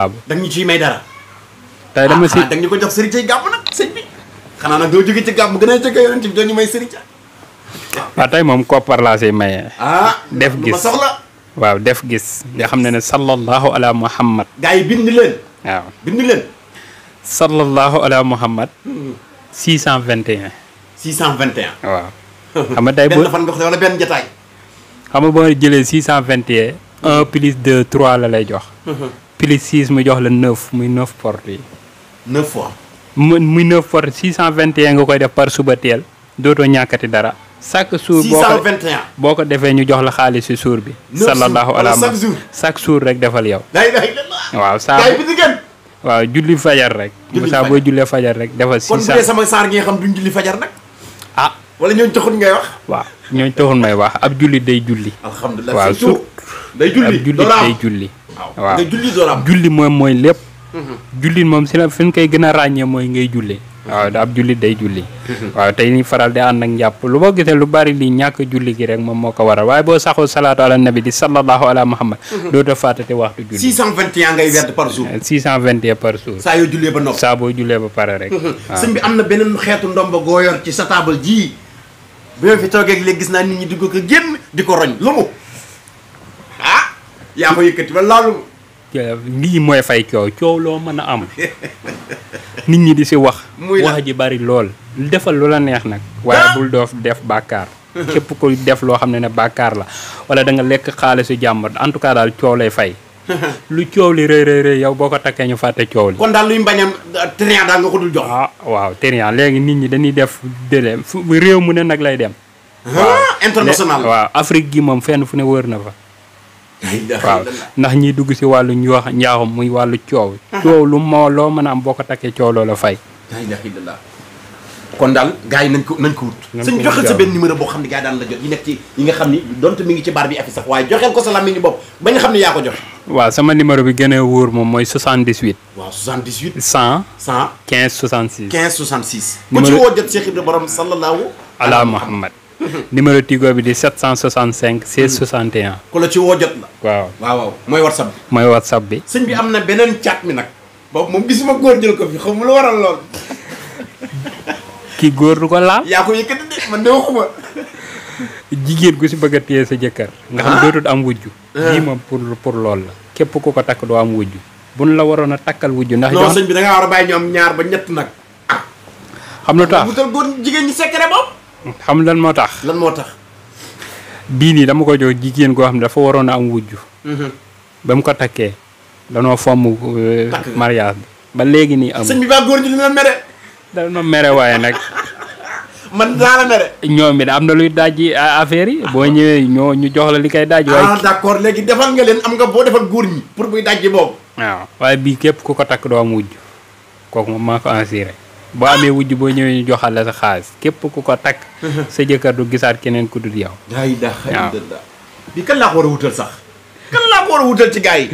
waaw da ñu ciy may dara. tey dama si ah, da ñu ko jox sëriñ ci gàmm nag sëñ bi xanaa nag doo jóge ci gàmm gën a jëkk ci doo ñu may sëriñ ca. waaw tey moom koppar laa siy maye. ah def gis soxla. waaw def gis nga xam ne ne sallallahu ala muhammad. gars yi bind leen. waaw bind leen. sallallahu ala muhammad. 621. Hmm. 621. waaw. xam nga tey boo benn fan nga wala benn jotaay. xam nga boo jëlee 621. 1 plus de trois la lay jox. Hmm. plus 6 mu jox la 9 muy 9 portes yi. 9 fois. muy 9 vingt 621 nga koy def par suba teel dootoo ñàkkati dara. chaque jour boo ko 621. boo ko defee ñu jox la xaalis si suur bi. sallallahu alayhi chaque jour chaque jour rek defal yow. waaw saa waaw julli fajar rek. julli saa booy jullee fajar rek defal. 600 kon sama saar ngeen xam duñ julli fajar nag. ah wala ñooñu taxul ngay wax. waaw ñooñu taxul may wax ab julli day julli. alhamdulilah waaw day julli dooraam day julli. waaw day julli dooraam julli moom mooy lépp. Mm-hmm. jullit moom si la fi ñu koy gën a ràññee mooy ngay julli. waaw mm-hmm. ab jullit day julli. Mm-hmm. waaw tey nii faral di ànd ak njàpp lu boo gisee lu bari li ñàkk julli gi rek moom moo ko waral waaye boo saxoo salaatu ala nabi di sallallahu ala muhammad. dootoo fàttate waxtu julli. 621 ngay werd par jour. 621 eh, par jour. saa yoo jullee ba noppi saa boo jullee ba pare rek. waaw bi am na beneen xeetu ndomba goo yor ci sa taabal ji. bi ma fi naa nit ñi di ko génn di ko roñ lu yaa ko yëkkati ba laalu mooy fay coow coow loo mën a am nit ñi di si wax wax ji bari lool defal lu la neex nag ah! waaye bul doof def bàkkaar képp ku def loo xam ne ne bàkkaar la wala da nga lekk xaalisu jàmbur en tout cas daal coow lay fay lu coow li rëy rëy rëy yow boo ko takkee ñu fàtte coow li kon daal luy mbañam euh, trian daal nga ko jox ah waaw trian léegi nit ñi dañuy def délai fu réew mu ne nag lay dem ah, waaw international waaw Afrique gi moom fenn fu ne wër na fa waaw ndax ñiy dugg si wàllu ñu wax njaaxum muy wàllu coow coow lu moo loo mën am boo ko takkee coow loola fay kon daal gaa yi nañ ko nañ ko wut suñ joxel sa benn numéro boo xam ne gars daan la jot nga xam ni donte mi ngi ci bi afi sax waaye joxeel ko sa làmmiñu xam ne yaa ko joxe waaw sama numéro bi gën a wóor moom mooy 78 waaw 78 100 100 15 66 15 66 ku ci woo jot Cheikh Ibrahima borom sallallahu ala Muhammad numéro Tigo bi di 765 16 61. ku la ci woo jot na. waaw waaw waaw mooy WhatsApp bi. mooy WhatsApp bi. sëñ bi am na beneen caat mi nag. boobu moom gisuma góor jël ko fi xam lu waral lool. ki góor du ko laal. yaa ko yëkkati de man de waxuma. jigéen gu si bëgg a téye sa jëkkër. nga xam ah. dootut am wujj eh. lii moom pour pour lool la. képp ku ko takk doo am wujju. buñ la waroon a takkal wujju ndax. non sëñ bi da ngaa war a bàyyi ñoom ñaar ba ñett nag. xam nga lu xam lan moo tax. lan moo tax. bii nii dama ko jox jigéen koo xam ne dafa waroon am wujj. Mhm. ba mu ko takkee danoo fomm. Euh, mariage bi ba léegi nii am sëñ bi ba góor ñi dina mere. dana mere waaye nag. man daa la mere. ñoom it am na luy dajji affaire yi boo ñëwee ñoo ñu jox li koy dajji. Ah, léegi defal nga leen am nga boo defal góor ñi. pour buy dajji boobu. waaw waaye bii képp ku ko takk doo am wujj kooku moom maa ko assuré. boo amee wujj boo ñëwee ñu joxal la sa xaalis képp ku ko takk. sa jëkkër du gisaat keneen ku dul yow. waaw bi kan laa ko war a wutal sax. kan laa ko war a wutal ci gaa yi.